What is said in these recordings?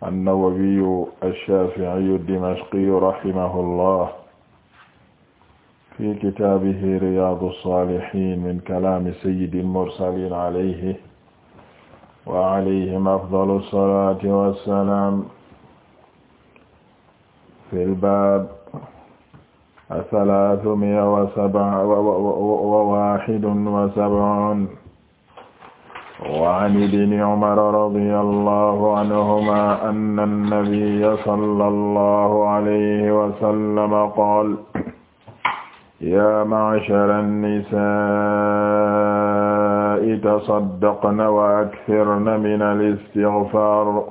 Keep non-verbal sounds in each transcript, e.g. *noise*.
annawawiyu alshaafiiyu dimashqiyu rahimahullah fi kitaabihi riyaadu saalihiin min kalaami sayyidil mursaliin alayhi wa alayhim afdalu salaati wa salaam fil baab asalaasu mi'a wa sab'a wa waahidun wa sab'uun وعن ابن عمر رضي الله عنهما أن النبي صلى الله عليه وسلم قال يا معشر النساء تصدقن وأكثرن من الاستغفار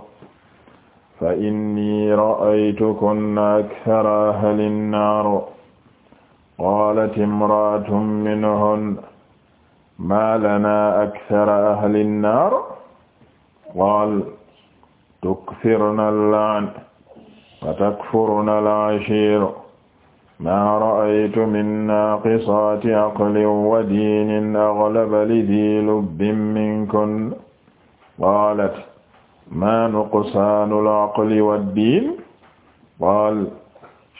فإني رأيتكن أكثر أهل النار قالت امرأة منهن ma lana akthara ahli nnaar qaal tukthirna al-la'n wa takfurna al-'ashiir maa ra'aytu min naaqisaati aqlin wa diinin aglaba lidii lubbin minkunna qaalat maa nuqsaanu al-aqli wad-diin qaal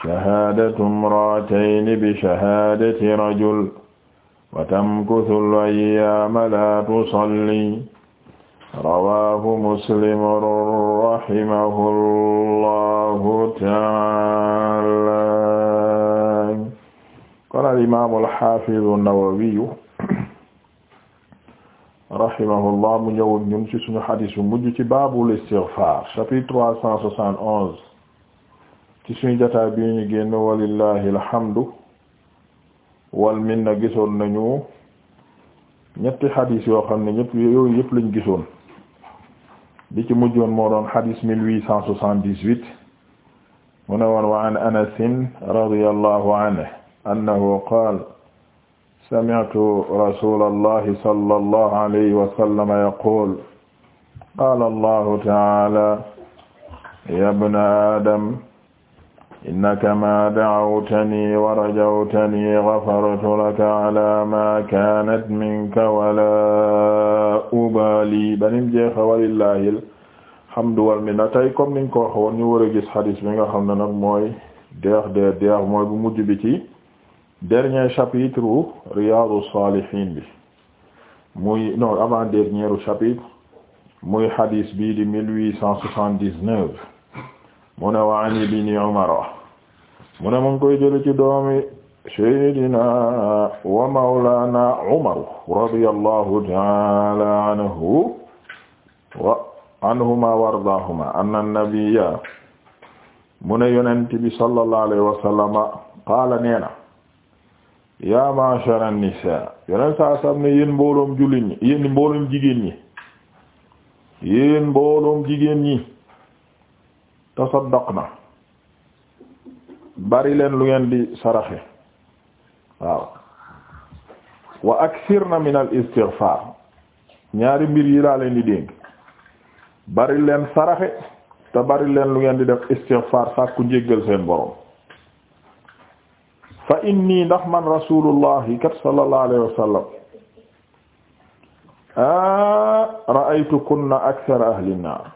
shahaadatu imra'atayni bi shahaadati rajul watamkuthul ayyaama laa tusalli rawaahu muslim rahimahullahu ta'aala kon al imaamul xaafidu nawawiyu rahimahullah mu ñëw ak ñun ci suñu xadiis bu mujj ci baabul istigfaar chapitre trois cent soixante et onze ci suñu jotaay bi ñu génn walillahi alhamdu wal minna gisoon nañu ñetti xadis yoo xam ne ñëpp yooyu yëpp lañ gisoon bi ci mujjoon moo doon mil mille huit cent soixante-dix-huit mu wa Anas radiyallahu anhu annahu qaala sami'tu rasulallahi sallallahu alayhi wa sallam yaqul qaala allahu ta'ala ya ibna innaka ma dacawtani wa rajawtani gafartu laka ala ma kaanat minka wala ubaali banim jeexa walillahi alhamdu wal minna tey comme niñ ko waxoon ñu war a gis xadis bi nga xam ne nag mooy deex deex deex mooy bu mujj bi ci dernier chapitre u Riyâdou Sâlihîne bi muy non avant dernier chapitre muy xadis bii di mille huit cent soixante-dix-neuf mu wa an ibni Umar mu koy jële ci doomi Seydina wa Mawlana Umar radiyallahu ta'ala anhu wa anhuma wa ardaahuma anna nabiyya mu ne sallallahu alayhi wa qaala neena yaa ma'shara an-nisaa saa sam ne yéen mbooloom jullit ñi yéen mbooloom jigéen ñi yéen mbooloom tasaddaqna bari leen lu ngeen di saraxe waaw wa na min al istighfar ñaari mbir yi laa leen di dénk bari leen saraxe te bari lu ngeen di def istighfar ku njéggal seen borom fa inni ndax man rasulullahi kat sallallahu alayhi wa sallam ra'aytukunna ahli an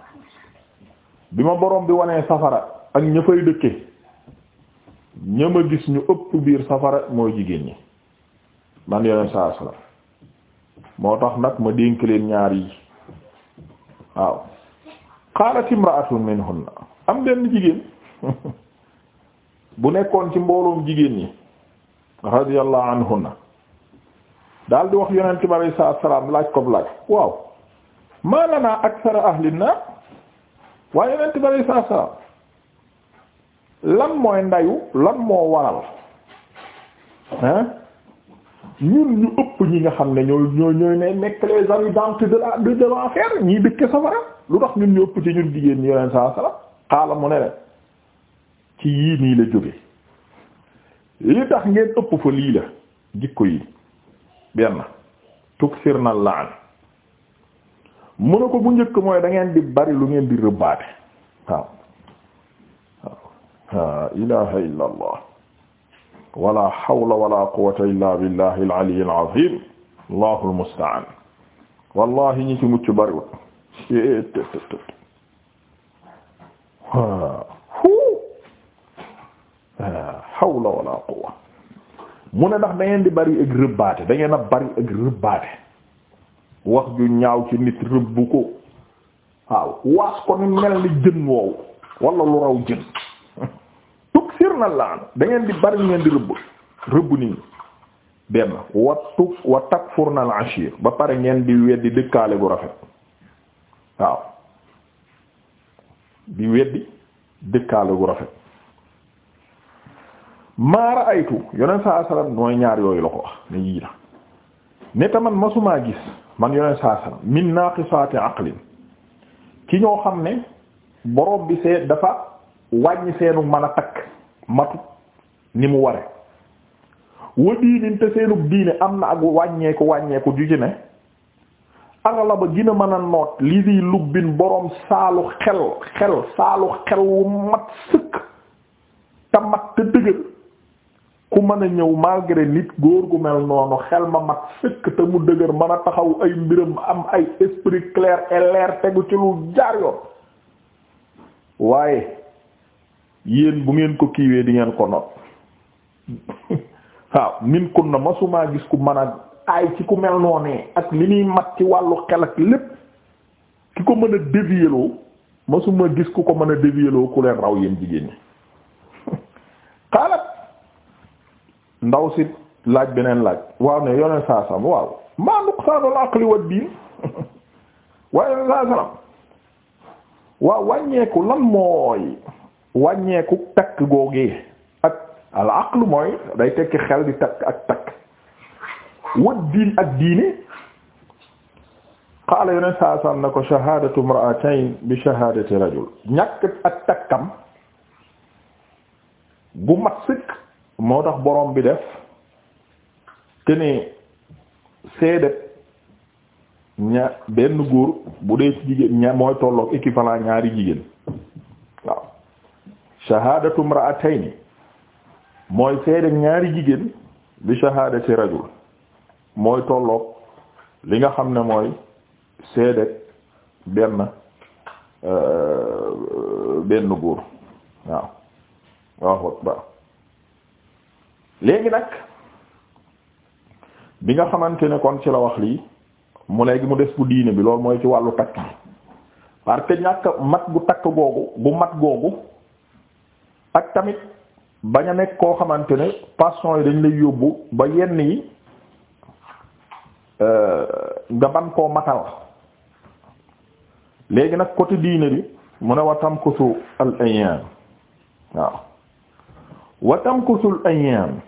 bi ma borom bi wanee safara ak ña fay dëkke ña gis ñu ëpp biir safara mooy jigéen ñi man yeneen saa salaam moo tax nag ma dénk leen ñaar yi waaw qaalat imra'atun minhunna am benn jigéen *laughs* bu nekkoon ci mbooloom jigéen ñi radiyallahu anhunna daal di wax yonent bi alayhi salaam laaj ko laaj waaw ma lana akthara ahli naar waaye yonent bi alayhi salaatu lan mooy ndayu lan moo waral ah ñun ñu ëpp ñi nga xam ne ñooy ñooy ñooy ne nekk les habitants de la de l'enfer ñii dëkk safara lu tax ñun ñu ëpp ci ñun jigéen ñi yonent saa salaam xaala mu ne leen ci yii nii la jóge li tax ngeen ëpp fa lii la jikko yi benn tuksir na laan mu ne ko bu njëkk mooy da ngeen di bari lu ngeen di rëbbaate waaw waaw ilaha illa allah wala hawla wala quwwata illa billahi al-ali al-azim allahu al ci mucc bariwut hawla wala quwwa mu ne ndax da di bari ak rëbbaate da ngeen bari ak rëbbaate wax ju ñaaw ci nit rëbb ko waaw waas ko ni mel ni jën woowu wala lu raw jën tug sir na laan dangeen di bari ngeen di rëbb rëbb na benn wa tug wa takfurna al ashir ba pare ngeen di weddi dëkkaale gu rafet waaw di weddi dëkkaale gu rafet maara aytu yoneen saa salaam mooy ñaar yooyu la ko wax ne yii la ne taman masumaa gis man yoneen saa sallam min naaqisaati aqlin ci ñoo xam ne borom bi see dafa wàññi seenu mën a takk matu ni mu ware wa diinin te seenub diine am na ak wàññeeku wàññeeku ju ci ne agala ba gën a mën a noot lii di lubbin boroom saalu xel xel saalu xel wu mat sëkk te mat te dëgër ku mën a ñëw malgré nit góor gu mel noonu xel ma mat fekk te mu dëgër mën a taxaw ay mbiram am ay esprit clair et tegu ci lu jaar yoon waaye yéen bu ngeen ko kiiwee di ngeen ko not *laughs* waaw min kun na masumaa gis ku mën a aay ci ku mel noonee ak li muy mat ci wàllu xel ak lépp ki ko mën a déviéloo masuma gis ku ko mën a déviéloo ku leen raw yéen jigéen ñi ndaw si laaj beneen laaj waaw ne yoneen saa salaam waaw maa nuqsaanul aqli wa diin *laughs* waaw wàññeeku lan mooy wàññeeku takk googee ak al aqlu mooy day tekki xel di takk ak takk wa diin ak diine qaala yoneen saa salaam ne ko shahaadatu imra'atayn bi shahaadati rajul ñàkk ak takkam gu mat sëkk moo tax borom bi def te ni seede ña benn góor bu dee jigéen mooy tolloog équivalent ñaari jigéen waaw shahadatu imra'atayn mooy seede ñaari jigéen bi shahadati rajul mooy tolloog li nga xam ne mooy seede benn euh, benn góor waaw waaw waaw léegi nag bi nga xamante ne kon ci la wax lii mu léegi mu des bu diine bi loolu mooy ci wàllu takk parce que ñàkk mat gu takk googu bu mat googu ak tamit bañ a nekk koo xamante ne passion yi dañ lay yóbbu ba yenn yi euh, nga ban koo matal léegi nag côté diine bi mu ne wa tamkusu al ayyam waaw wa tamkusu al ayyam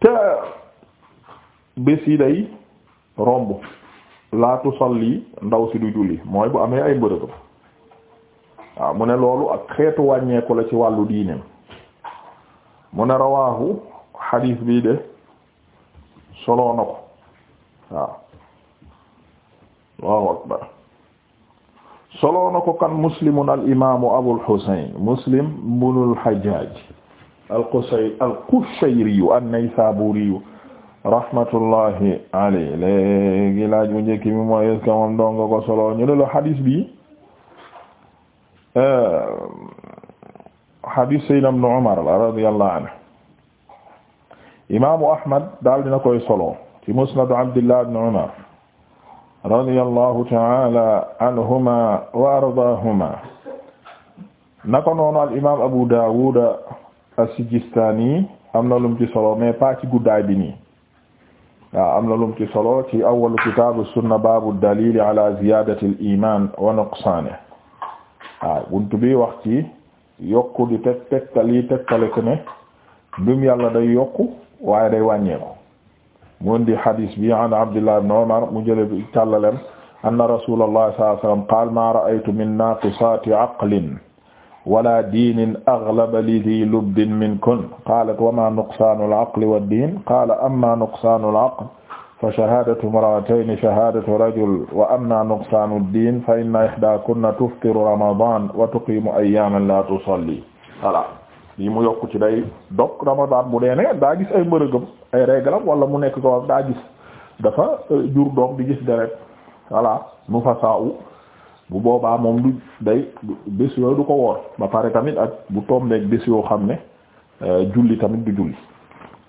te bés yi day romb laa tusalli ndaw si du julli mooy bu amee ay mbërëgëm waaw mu ne loolu ak xeetu wàññeeku la ci wàllu diineem mu ne rawaahu xadiis bi de soloo na ko waaw Allahu akbar soloo na ko kan muslimun al imaamu abul xuseyn muslim bunul xajaaj al-Qusay al-Qushayri an-Naysaburi rahmatullahi alayhi mu njëkk mi mooy est moom dong nga ñu ne la hadis bi euh, hadis Sayyidina Ibn Umar la radiyallahu anhu imaamu Ahmad daal dina koy solo ci Musnad Abdullah ibn Umar radiyallahu ta'ala anhuma wa ardaahuma naka noonu al imaam Abu Dawud as-Sijistaani am na lum ci solo mais pas guddaa guddaay bi nii am na lum ci solo ci awwalu kitaabu sunna baabu dalili ala ziyadati al wa nuqsaane waaw bi wax ci yokku di dum yàlla day yokku waaye day wàññeeku mun di hadis bi an Abdullah ibn Umar mu jële bi càllalem anna rasulullah sallallahu alayhi min naqisati aqlin wala diinin aghlaba lidhi lubdin minkun qaalat wa ma nuqsaanul aqli wad-diin qaala amma nuqsaanul aqli fa shahaadatu imra'atayni shahaadatu rajul wa amma nuqsaanud diin fa inna ihdaakunna tuftiru ramadaan wa tuqiimu ayyaaman laa tusalli voilà lii mu yokku ci day dog ramadaan bu dee ne daa gis ay mbërëgam ay réglam wala mu nekk ko daa gis dafa euh, jur doom di gis deret voilà mu fa saawu bu boobaa moom du day bés yooyu du ko woor ba pare tamit ak bu tombeek bés yoo xam ne euh, julli tamit du julli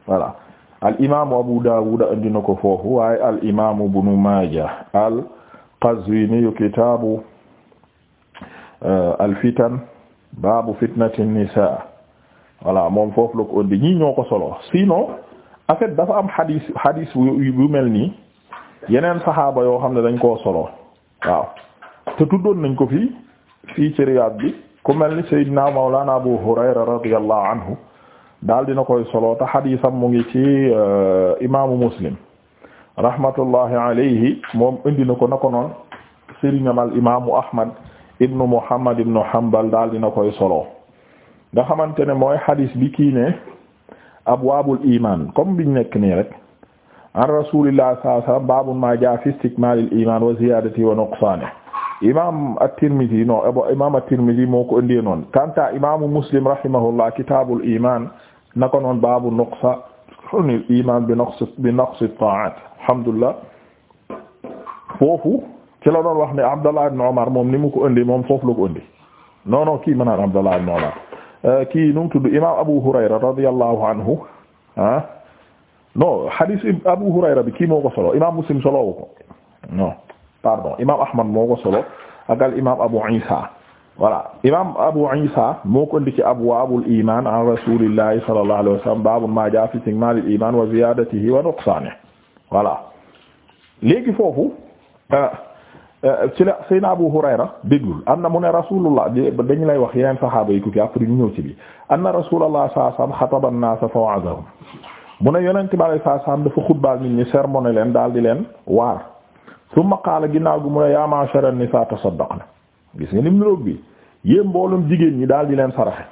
voilà al imaamu Abu Dawud andi na ko foofu waaye al imaamu Ibnu Maaja al Qazwini kitaabu euh, al fitan baabu fitnati nisaa voilà moom foofu la ko andi ñii ñoo ko solo sinon en dafa am xadiis xadiis bu mel nii yeneen saxaaba yoo xam ne dañ koo solo waaw. te tuddoon nañ ko fi fii ci Riyad bi ku mel ni Seydina Mawlana Abu Hurayra radiyallahu anhu daal dina koy solo te xadiisam mu ngi ci euh, imaamu Muslim rahmatullahi alayhi moom indi na ko na ko noon sëriñam al imaamu Ahmad ibnu Muhammad ibnu Hanbal daal dina koy solo nga xamante ne mooy xadiis bi kii ne abwaabul iman comme biñ nekk nii rek an rasuulillah sallallahu alayhi wa maa jaa fi istikmaalil iman wa ziyaadatihi wa nuqsaanihi imaam at-Tirmidhi non imaam at-Tirmidhi moo ko ëndee noonu kanta imaamu Muslim rahimahullah kitaabul iman naka noonu baabu nuqsaanil iman bi naqs bi naqs at-ta'aat alhamdulillah foofu ci la doon wax ne Abdallah ibn Umar moom ni mu ko ëndee moom foofu la ko ëndee non non kii ma naan Abdallah ibn Umar euh, kii nu mu tudd imaam Abu Hurayra radiyallahu anhu ah non hadith Abu Hurayra bi kii moo ko solo imaam Muslim solo ko non. pardon imaam Ahmad moo ko solo imaam Abu Isa voilà imaam Abu Isa moo ko indi ci abwaabul iimaan an rasuulillahi sallallahu alayhi wa sallam baabu maa jaa'a fii ikmaalil wa ziyaadatihi wa nuqsaanihi voilà léegi foofu euh, euh, ci la Seydina Abu Hurayra déggul am na mu ne rasulullah dañu lay wax yeneen saxaaba yi tuuti après ñu ñëw ci bi anna rasulullah sallallahu alayhi wa xataba an-naasa fa wa'azahum mu ne yonent bi sallallahu alayhi wa sallam dafa xutbaal nit ñi sermoné leen daal di leen waar summa qaala ginnaaw gi mu ne yaa ma'shara nisaa tasaddaqna gis nga nim niroog bi yéen mboolum jigéen ñi daal di leen saraxe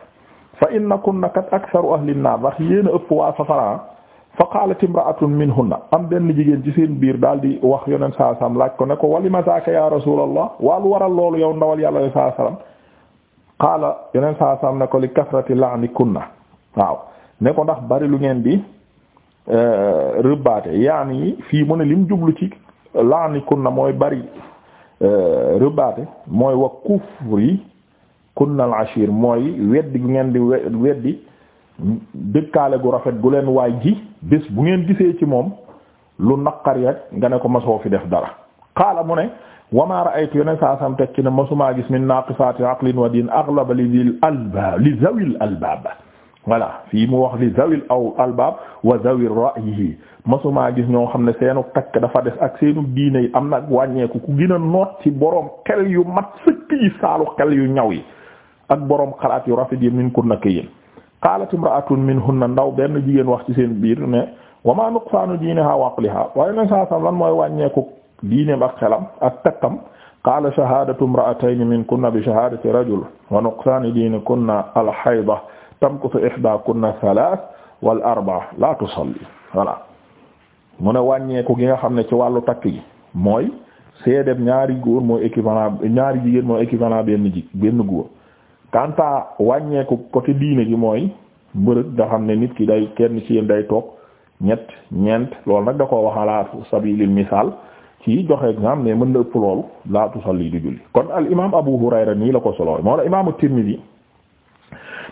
fa innakunna kat aktharu ahli an-naar ndax yéen a ëpp waa safara fa qaalat imra'atun minhunna am benn jigéen ci seen biir daal di wax yonent saa salaam laaj ko ne ko walima zaaka ya rasuulallah waa lu waral loolu yow ndawal yàlla yonent saa salaam qaala yonent saa salaam ne ko li kasrati la'nikunna waaw ne ko ndax bari lu ngeen di eh, rëbbaate yaani fii mu ne ci laani kunna mooy bari euh, rëbaate mooy wa kufri kunna al ashir mooy weddi gu ngeen di weddi dëkkaale gu rafet gu leen waay ji bés bu ngeen gisee ci moom lu naqari rek nga ne ko masoo fi def dara qaala mu ne wama ra'aytu yoneen saa sam teg ci ne masumaa gis min naaqisaati aqlin wa diin aghlaba li dhil albaab li dhawil albaab voilà fii mu wax li zawil aw albaab wa zawil ra'yi masumaa gis ñoo xam ne seenu takk dafa des ak seenu diine am na ak wàññeeku ku gën noot ci boroom xel yu mat sëkk yi saalu xel yu ñaw yi ak borom xalaat yu rafet yi min kunna kayin qaalat imra'atun minhunna ndaw benn jigéen wax ci seen biir ne wa ma nuqsaanu diinihaa wa aqlihaa waaye lan mooy wàññeeku diineem ak xelam ak takkam qaala shahaadatu imra'atayni minkunna bi shahaadati rajul wa nuqsaani diinikunna al-hayda ko tamkutu ihdakunna thalath wal arba la tusalli voilà mu ne wàññeeku gi nga xam ne ci wàllu takk gi mooy seedeb ñaari góor moo équivalent ñaari jigéen moo équivalent benn ji benn góor quant à wàññeeku côté diine gi mooy mbërëg nga xam ne nit ki day kenn ci yéen day toog ñett ñeent loolu nag da ko waxalaatu sabilil misaal ci joxe exemple ne mën na ëpp loolu la tusalli di julli kon al imam Abu Hurayra nii la ko solo moo la imam Tirmidhi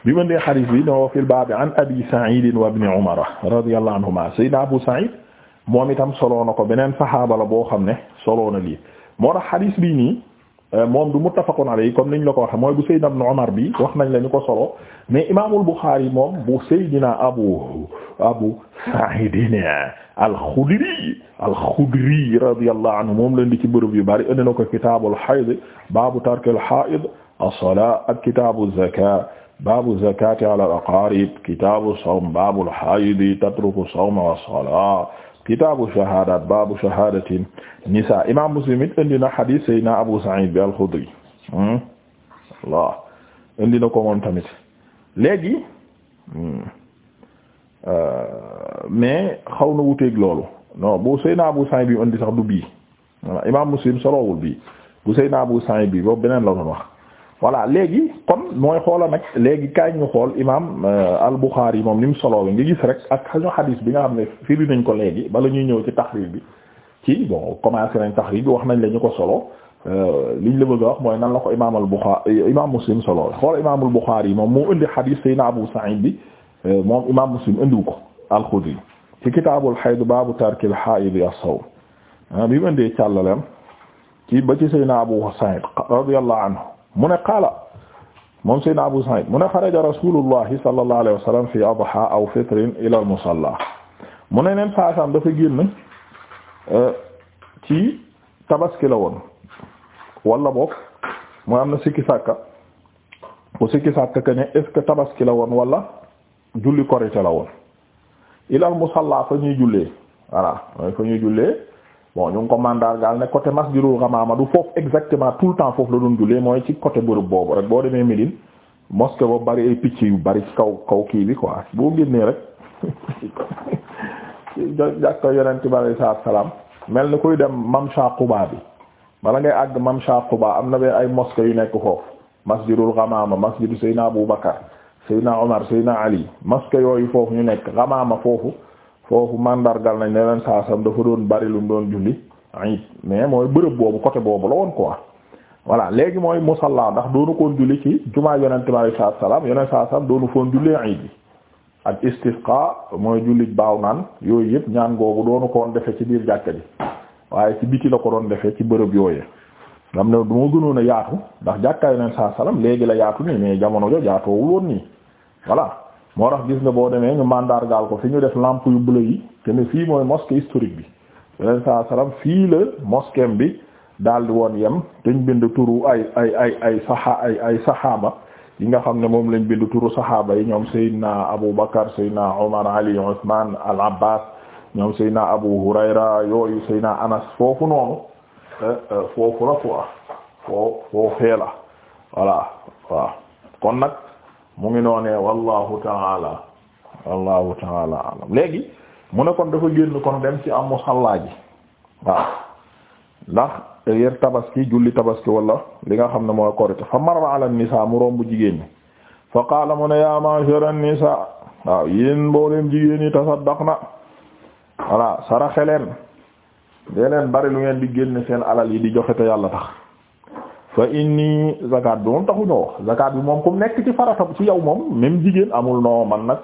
bi ma dee xadis bi no fil baabi an abi Sa'id wa ibn Umar radiyallahu anhuma sayyidina Abu Sa'id moom itam soloo na ko beneen saxaaba boo xam ne soloo na lii moo tax xadis bi ni euh, moom du muttafaqun alayhi comme niñ la ko waxee mooy bu sayyidina ibn Umar bi wax nañ la ñu ko solo mais imaamul Buxaari moom bu sayyidina Abu Abu Sa'id al-Khudri al-Khudri radiyallahu anhu moom lañ di ci bërëb yu bari indi na ko kitaabul hayd baabu tarkil haa'id as-salaa ak kitaabu baabu zakati ala al-aqarib kitaabu sawm baabu al-haayidi tatruku sawma wa salaa kitaabu shahaadaat baabu shahaadati nisaa imaam Muslim it indi na hadiis Seydina Abu Saïd bi al-Xudri hmm? Allah indi na ko moom tamit léegi hmm, euh, mais xaw na wuteeg loolu non bu Seydina Abu Saïd bi indi sax du bii imaam Muslim solowul bii bu Seydina Abu Saïd bi boobu beneen la doon wax. voilà léegi kon mooy xoola nag léegi kaay ñu xool imaam euh, al-Bukhari moom ni mu soloowe nga gis rek ak xañu bi nga xam ne firi nañ ko léegi bala ñuy ñëw ci taxriij bi ci bon commencé nañ taxriij bi wax nañ la ñu ko solo euh, liñ la bëgg a wax mooy nan la ko imaam al-Bukhari euh, imaam Muslim soloowe xoola imaam al-Bukhari moom moo indi xadiis Seydina Abu Sa'id bi moom imaam Muslim indiwu ko al-Khudri ci kitaabul hayd baabu tarkil haa'id as-sawm ah, bi mu indee càllaleem ci ba ci Seydina Abu Sa'id radiyallahu mu ne qaala moom Seydina Abu Sa'id mu ne xaraja rasulullahi sallallahu alayhi wa sallam fi adha aw fitrin ila al musalla mu ne neen saasam dafa génn euh, ci tabaski la woon wala boog mu am na sikki sàkka bu sikki sàkka que ne est-ce tabaski la woon wala julli korite la woon ila al musalla fa ñuy jullee voilà fa ñuy jullee bon ñu ngi ko ne côté masjidul Ghamama du foofu exactement tout le temps foofu la doon jullee mooy ci côté bërëb boobu rek boo demee Médine mosquée ba bari ay picc yu bari ci kaw kaw kii bi quoi boo génnee rek *laughs* jàkka yonent bi alayhi salaatu salaam mel ni kuy dem Mamcha Quba bi bala ngay àgg Mamcha Quba am na ba ay mosquée yu nekk foofu masjidul Ghamama masjidu Seyna Abou Bakar Seyna Omar Seyna Ali mosquée yooyu foofu ñu nekk ma foofu. foofu mandargal nañ ne leen saasam dafa doon bari lu mu doon julli mais mooy bërëb boobu côté boobu la woon quoi voilà léegi mooy musalla ndax doonu koon julli ci jumaa yonente bi alei salaatu salaam yonent saa salaam doonu foon jullee it bi ak istisqa mooy julli baaw naan yooyu yëpp ñaan googu doonu ko woon defe ci biir jàkka ji waaye ci biti la ko doon defe ci bërëb yooyee ngam ne du ma gënoon a yaatu ndax jàkkaay yonent saa salaam léegi la yaatu nii mais jamono jo yaatoowul woon nii moo tax gis nga boo demee ñu gaal ko fi ñu def lampe yu bleu yi te ne fii mooy mosquée historique bi fii la mosquée bi daal di woon yem te ñu bind turu ay ay ay ay saxaaba yi nga xam ne moom lañ bind turu saxaaba yi ñoom Seydina Abu Bakar Seydina Omar Ali Ousmane Al Abbas ñoom Seydina Abu Hurayra yooyu Seydina Anas foofu noonu eh, eh, foofu la quoi foo foo fee kon nag. mu ngi noonee wallahu taala wallahu taala alam léegi mu ne kon dafa génn kon dem ci am musalla ji waaw ndax yër tabaski julli tabaski wala li nga xam ne mooy korite fa marra ala nisa mu romb jigéen ñi fa qaala mu ne ya ma'shara nisa waaw yéen mboolem jigéen ñi tasaddaqna voilà saraxe leen dee leen bari lu ngeen di génn seen alal yi di joxe te yàlla tax fa inni zakat bi moom taxuñoo wax zakat bi moom kom nekk ci farata ci yow moom même jigéen amul noo man nag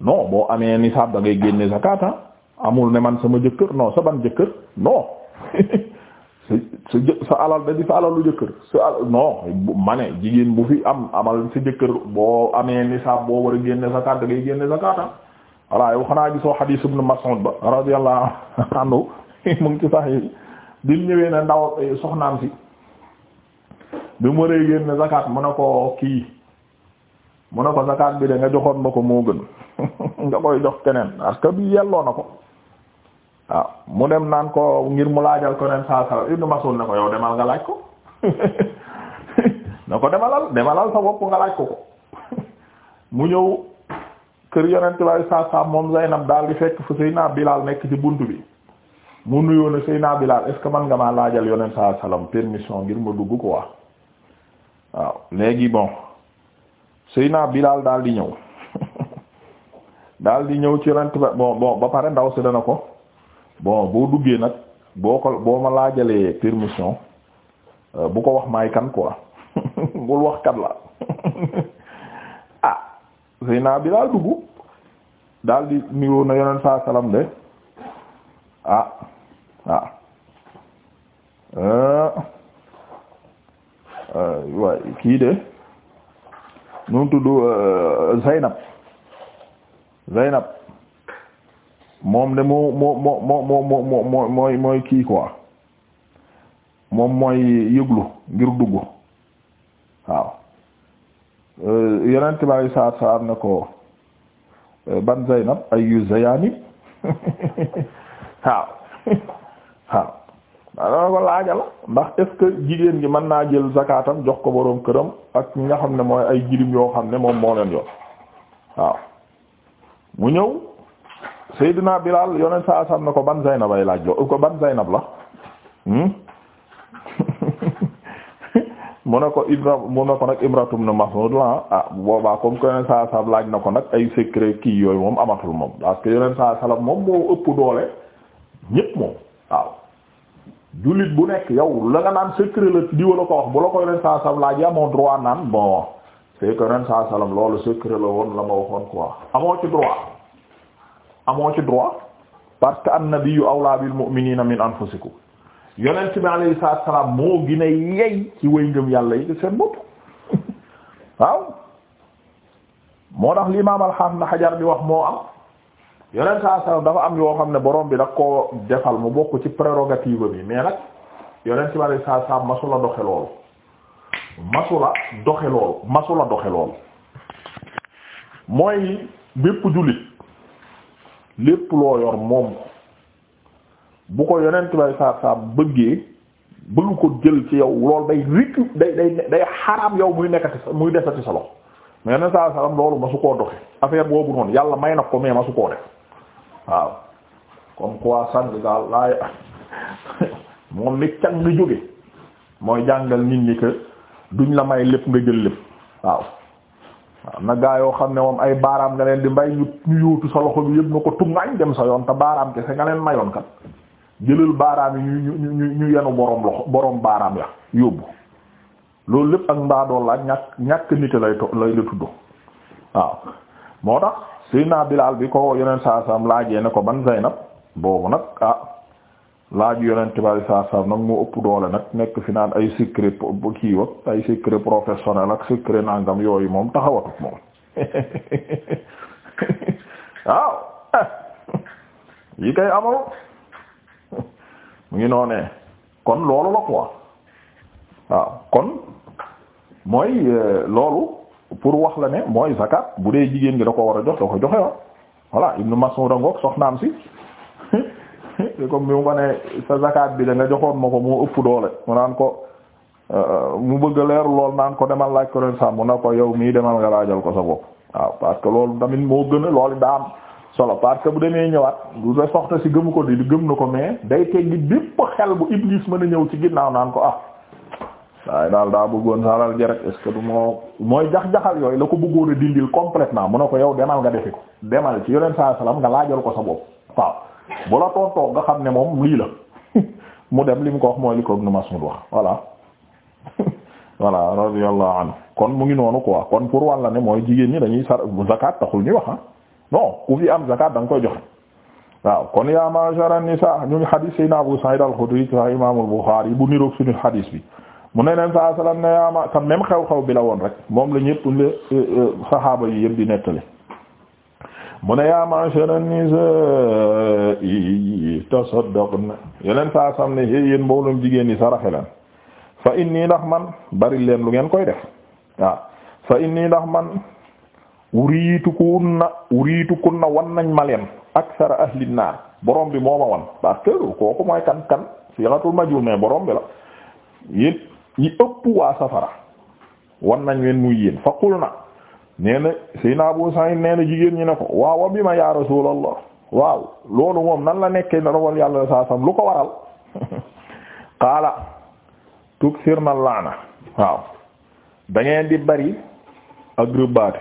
non boo amee nisaab da ngay génne zakat ah amul ne man sama jëkkër non sa ban jëkkër non *laughs* sa sa sa alal jëkkër sa ma ne jigéen bu fi am amal sa jëkkër boo amee nisaab boo war a génne zakat da ngay génne zakat ah voilà yow xanaa gisoo hadith ibn Mas'ud ba radiyallahu anhu *laughs* mu ngi ci sax yi ñëwee na ndaw eh, soxnaam si. bi mu waree génn zakat mu ne ko kii mu ne ko zakat bi de nga joxoon ma ko moo gën *laughs* nga koy jox keneen parce que bi yelloo na ko waaw mu dem naan ko ngir mu laajal ko neen saa saa Ibn Mas'ud ne ko yow demal nga laaj ko *laughs* ne ko demalal demalal sa bopp nga laaj ko ko *laughs* mu ñëw kër yonent baay saa saa moom Zaynab daal di fekk fu Seyna Bilal nekk ci bunt bi mu nuyoo ne Seyna Bilal est ce que man nga maa laajal yonent saa salaam permission ngir ma dugg quoi waaw léegi bon Seyna Bilal daal di ñëw *laughs* daal di ñëw ci rent ba bon bon ba pare ndaw si dana ko bon boo duggee nag boo ko boo ma laajalee permission euh, bu ko wax maay kan quoi *laughs* bul wax kat la *laughs* ah Seyna Bilal dugg daal di nuyoo na yonent saa salaam de ah ah. Euh, waay euh, kii de nu mu tudd euh, Zaynab Zaynab moom de moo moo moo moo moo moo mooy mooy kii quoi moom mooy yëglu ngir dugg waaw euh, yeneen tubaab yi saa saa ne ko ban Zaynab ay yu Zayani *laughs* waaw *laughs* waaw. maanaam ko laajal ndax est que jigéen gi mën naa jël zakaatam jox ko boroom këram ak ñi nga xam ne mooy ay jirim yoo xam ne moom moo leen yor waaw mu ñëw Seydina Bilal yoneen saa sam ne ko ban Zaynab ay laaj jox ko ban Zaynab la hmm? *laughs* mu ne ko ibra mu ne ko nag imratum na ah boobaa comme que yoneen saa laaj na ko nag ay secret kii yooyu moom amatul moom parce que yoneen saa salam moom moo ëpp doole ñépp moom jullit bu nekk yow la nga naan secret la di wala wax bu la ko ren saa salam laaj droit naan bon c'est que ren loolu secret la woon la ma waxoon quoi ci droit amoo ci droit parce que annabiyyu awla mu'minina min anfusikum yonent bi alayhi salaatu salaam moo gën yey ci way ngëm yàlla yi seen bopp *laughs* waaw moo tax li imaam al na Hajar bi wax moo am yonent saa sallam dafa am yoo xam ne borom bi da koo defal mu bokk ci prérogative bi mais nag yonent bi alei saa salaam masula doxe loolu masula doxe loolu masula doxe mooy bépp jullit yor moom bu ko yonent bi alei saa salaam ko jël ci yow loolu day rikk day day day xaraam yow muy nekkati muy desati sa loxo mais yonent saa sallam loolu masu koo doxe affaire boobu noonu yàlla may na ko mais masu ko def waaw comme quoi daal laay *laughs* moom ni can nga jóge mooy jàngal nit ñi que duñ la may lépp nga jël lépp waaw waaw yoo xam ne moom ay baaraam nga leen di mbay ñu ñu yóotu sa loxo bi yëpp nga ko tuŋaañ dem sa yoon te baaraam kese nga leen mayoon ka jëlal baaraam yi ñu ñu ñu ñu yenu boroom loxo boroom baaraam ya yóbbu loolu lépp ak mbaa doon la ñàkk ñàkk nit lay to- lay la tudd waaw moo tax Seydina Bilaal bi ko yonent saa saam laajee ne ko ban Zaynab boobu nag ah laaju yonent bari saa saam nag moo ëpp doole nag nekk fi naan ay secret kii ak ay secret professionnel ak secret nangam yooyu moom taxawatut moom *laughs* waaw yi *laughs* kay amul *laughs* mu ngi noonee kon loolu la quoi waaw kon mooy euh, loolu pour wax la ne mooy zakat bu dee jigéen gi da ko war a jox da ko joxe wa voilà Ibnu Mas'ud ngoog soxnaam si ko *laughs* bi mu ko ne sa zakat bi da nga joxoon ma ko mu ëpp doole mu naan ko euh, mu bëgg leer lool naan ko demal laaj ko ren sax mu na ko yow mii demal nga laajal ko sa bopp waaw parce que loolu tamit moo gën a loolu daa am solo parce que bu demee ñëwaat du la soxna si gëmu ko di gëm na ko mais day teggi bépp xel bu Iblis mën a ñëw ci ginnaaw naan ko ah waaye daal daa bëggoon saa alal ja rek du moo mooy jax-jaxal yooyu la ko bëggoon a dindil complètement mu ne ko yow demal nga defi ko demal ci sa saa salaam nga laajal ko sa bopp waaw bu la tontoo nga xam ne moom lii la *laughs* mu dem li mu ko wax mooy li ko nu Mas'ud wax voilà *laughs* voilà radiyallahu anhu kon mu ngi noonu quoi kon pour wàlla ne mooy jigéen ñi dañuy sar zakat taxul ñu wax ah non ku fi am zakat da nga koy joxe waaw kon yaa ma'shara nisa ñu ngi hadis Sayyidina Abu Sa'id al bu niroog suñu hadis mu ne leen saa am ne yaa ma tam xew-xew bi la woon rek moom la ñëpp le e, e, saxaaba yi yëpp di nettali mu ne yaa ma'shara nisaa tasaddaqna yeneen saa am ne yéen yéen mbooloom jigéen ñi saraxe leen fa inni ndax man bari leen lu ngeen koy def waaw fa inni ndax man uriitukunna uriitukunna wan nañ ma leen aksara ahli naar borom bi moo ma wan parce que kooku mooy kan kan siixatul majul mais borom bi la ñi ëpp waa safara wan nañ leen muy yéen na nee na sayna Abu Sa'id nee na jigéen ñi ne ko waaw wa bi ma ya rasulallah waaw loolu moom nan la nekkee ndawal yàlla saa sam lu ko waral *laughs* qaala tuksirna laana waaw da di bari ak rëbbaate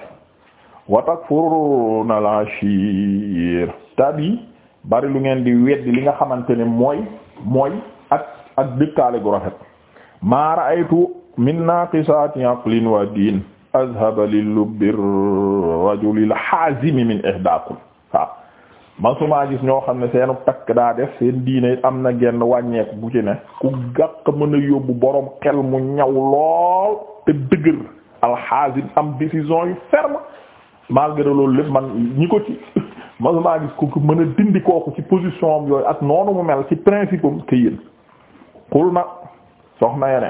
wa takfurna al-ashir tabi bari lu ngeen di weddi li nga xamante ne mooy mooy ak ak dëkkaale gu rafet ma ra'aytu min naqisati aqlin wa diin azhaba lilubbi rajulil hazimi min ihdaakum waaw ma su maa gis ñoo xam ne seenu takk daa def seen diine am na genn wàññeeku bu ci ne ku gàq mën a yóbbu boroom xel mu ñaw lool te dëgër alxaasim am décision yu ferme malgré loolu lépp man ñi ko ci *laughs* man su maa gis ku mën a dindi ci position am yooyu ak noonu mu mel ci principe am te na soxna ya ne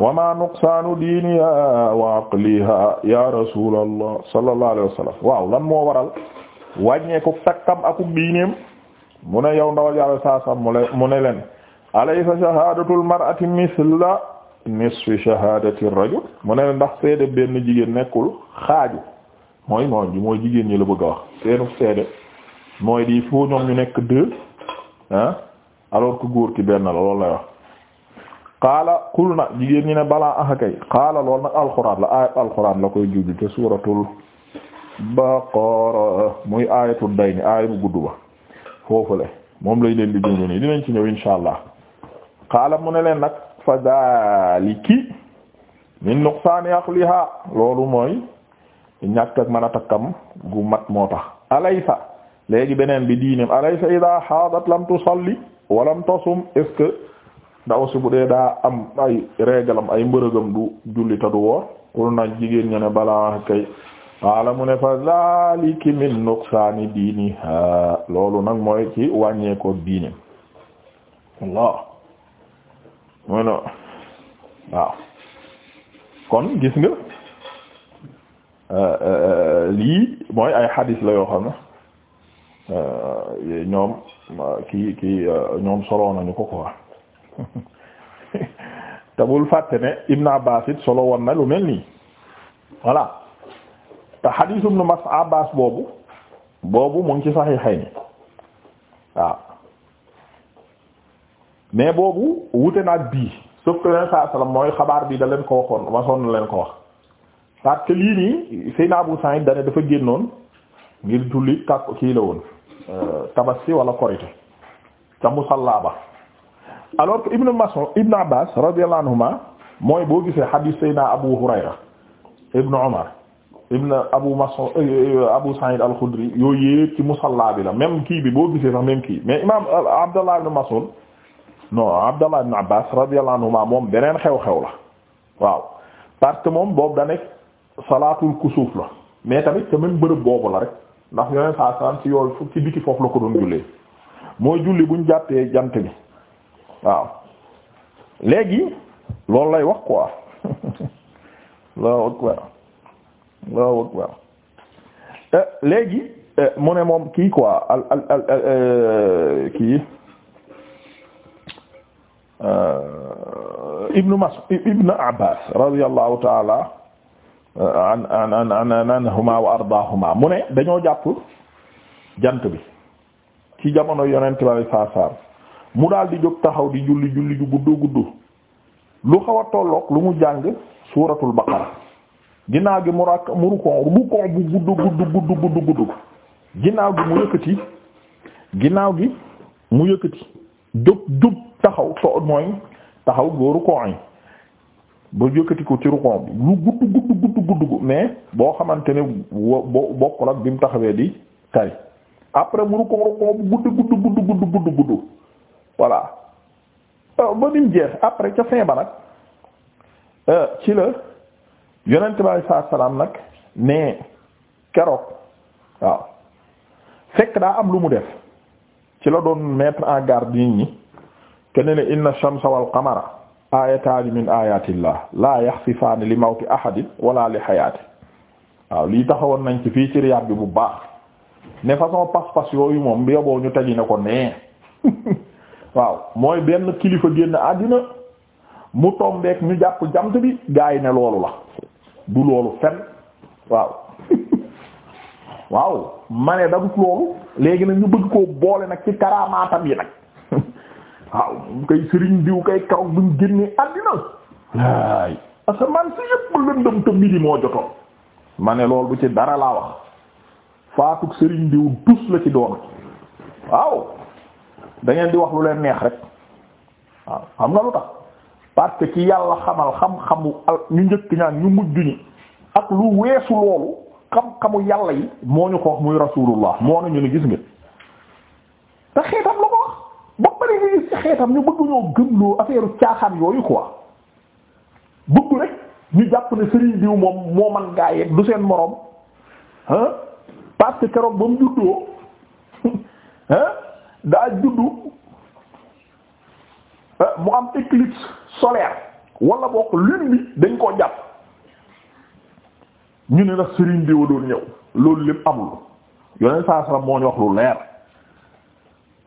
wa ma nuqsaanu diiniha wa aqliha ya rasulallah sallallahu alayhi waaw lan moo waral wàññeeku takkam akub diineem mu ne yow ndawal yàlla saa sam mu le mu ne leen alaysa shahadatul mar'ati misla nisfi shahadati rajul mu ne leen ndax seede benn jigéen nekkul xaaju mooy la bëgg a wax seenu seede mooy di foo nekk deux ah alors que góor ki benn loolu lay wax qaala kulna jigéen ñi ne balaa axa ah kay qaala lool nag alxuraan la ayat alxuraan la koy juju te suuratul baqara muy ayatul dayni aaya bu gudd ba foofule moom lay leen di juju nii dinañ ci ñëw insha allah qaala mu ne leen nag fa daaliki min nuqsaani aqliha loolu mooy ñàkk ak mën a takkam gu mat moo tax alaysa léegi beneen bi diineem alaysa idaa haadat lam tusalli wa lam tasum que ndaw si bu dee daa am ay reegalam ay mbërëgam du julli du woor kul na jigéen ñu ne balaa kay waala mu ne fa zaliki min nuqsaani diiniha loolu nag mooy ci wàññee ko diine Allah mu waaw kon gis nga lii mooy ay xadis la yoo xam ñoom kii kii ñoom solo nañu ko quoi *laughs* te bul fàtte ne Ibn Abbas solo woon na lu mel nii voilà te xadiisu Ibn Mas Abbas boobu boobu mu ngi ci Sahihayni waaw mais boobu wute naat ak bii sauf que mooy xabaar bi da ko waxoon wasoon na leen ko wax parce que lii nii Seydina Abu Sa'id dane dafa génnoon ngir julli kàpp kii la woon euh, tabaski wala korite ca musalla alors que Ibn Mas'ud Abbas radiyallahu anhuma mooy boo gisee hadith Seydina Abu Hurayra Ibn Umar Ibn Abu Mas'ud euh, Abu Sa'id al-Khudri yooyu yëpp ci musalla bi la même kii bi boo gisee sax même kii mais imaam euh, Abdallah ibn Mas'ud non Abdallah ibn Abbas radiyallahu anhuma moom beneen xew-xew la waaw parce que moom boobu da nekk salaatul kusuuf la mais tamit que même bërëb boobu la rek ndax yeneen saa saa ci yool ci biti foofu la ko doon jullee mooy julli buñ jàppee jant bi. waaw léegi loolu lay wax quoi akbar Allahu akbar léegi euh, mu ne moom kii quoi euh, kii euh, ibnu Mas'ud ibnu Abbas radiyallahu ta'ala an an an anhuma wa ardaahuma mu ne dañoo jàpp jant bi ki jamono yonent bi sallallahu alayhi mu daal di jóg taxaw di julli julli ju guddoo guddoo lu xaw a tolloog lu mu jàng suuratul baqara ginnaaw gi mu rakk mu rukkoo rukkoo bu gudd gudd gudd gudd ginnaaw gi mu yëkkati ginnaaw taxaw to taxaw góor rukkoo yi ba ci rukkoo bi mais boo xamante ne bo bokkul ak bi mu taxawee di tari après mu rukkoo rukkoo bu gudd gudd gudd gudd voilà euh, ba nim jeex après ca fin ba nag euh, ci la yonent bi alei salaatu salaam nag ne keroog waaw fekk daa am lu mu def ci la doon mettre en garde nit ñi kene ne inna shamsa wal qamara ayataani min ayatillah la yaxsifaani li mawti ahadin wala li xayaati waaw lii taxawoon nañ ci fii ci riyaat bi bu baax ne façon passe passe yooyu moom yoboo ñu teji ne ko nee *laughs* waaw mooy benn kilifa génn àddina mu tombeek ñu jàpp jant bi gaa yi ne loolu la du loolu fen waaw *laughs* waaw ma ne loolu léegi nag ñu bëgg koo boole nag ci karaamaatam yi nag *laughs* waaw kay sëriñ diw kay kaw buñ génnee àddina waay asamaan si yëpp lëndëm te midi jotoon ma ne du ci dara laa wax faatuk sëriñ diw tus la ci doon waaw da di wax lu leen neex rek waaw xam nga lu tax parce que ci yàlla xamal xam-xamu ñu njëkk ñaan ñu mujj ñi ak lu weesu loolu xam-xamu yàlla yi moo ñu ko wax muy rasulullah moo nañu ne gis nga te xeetam la ko ba pare ñu gis ci xeetam ñu bëgg ñoo gëmloo affaire caaxaan yooyu quoi bëgg rek ñu jàpp ne Serigne diw moom moo man gaa du seen moroom ah parce que keroog ba mu juddoo ah. *laughs* daa juddu eh, mu am éclipse solaire wala bokk lune bi dañ koo jàpp ñu ne nag sëriñ bi wa ñëw loolu lépp amul yonent saa salaam moo ñu wax lu leer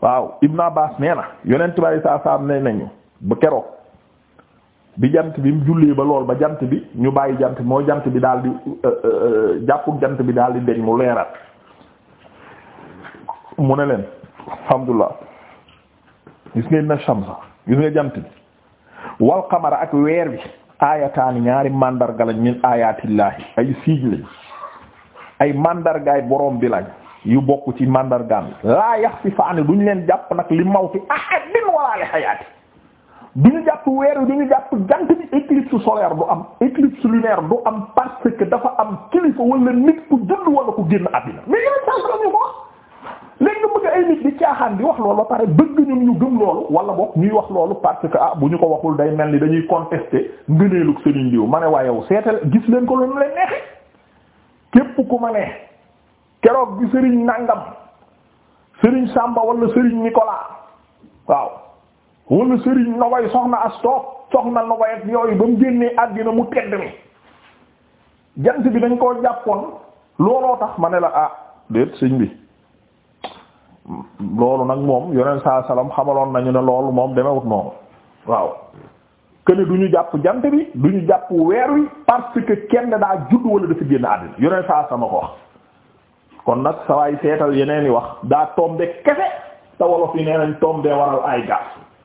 waaw Ibn Abbas nee na yonent bari saa salaam ne nañu bu keroog bi jant bi mu jullee ba lool ba jant bi ñu bàyyi jant moo jant bi daal di eh, eh, jàppul jant bi daal di deñ mu leeral mu ne leen alhamdulilah gis ngeen na shamsa gis nga jant bi wal qamara ak weer bi aayataani ñaari mandarga lañ min aayatillaahi ay siig lañ ay mandargaay borom bi lañ yu bokk ci mandargaam laa yax fi faani duñ leen jàpp nag li mawti ahadin wala li xayaati duñu jàpp weer wi duñu jàpp jant bi éclipse solaire du am éclipse lunaire du am parce que dafa am kilifa wala nit ku judd wala ku génn àddina mais yéen a ko ay nit di caaxaan di wax loolu ba pare bëgg ñun ñu gëm loolu wala boog ñuy wax loolu parce que ah, bu ñu ko waxul day mel ni dañuy contester ngëneelu Serigne Diouf ma ne waaye yow seetal gis leen ko lu mu leen neexee képp ku ma ne keroog bi Serigne Nangam Serigne Samba wala Serigne Nicolas waaw wala Serigne Nogoy soxna Astok soxna Nogoy ak yooyu ba mu génnee àddina mu tedd mi jant bi dañ koo jàppoon looloo tax ma ne la ah déet sëñ bi. loolu nag moom yoneen saa salaam xamaloon nañu ne loolu moom demewut noonu waaw këne du ñu jàpp jant bi du ñu jàpp weer wi parce que kenn daa judd wala dafa génn àddina yoneen saa sama ko wax kon nag sawaay seetal yeneen yi wax daa tombe kese te wolof yi nee nañ tombe waral ay gaaf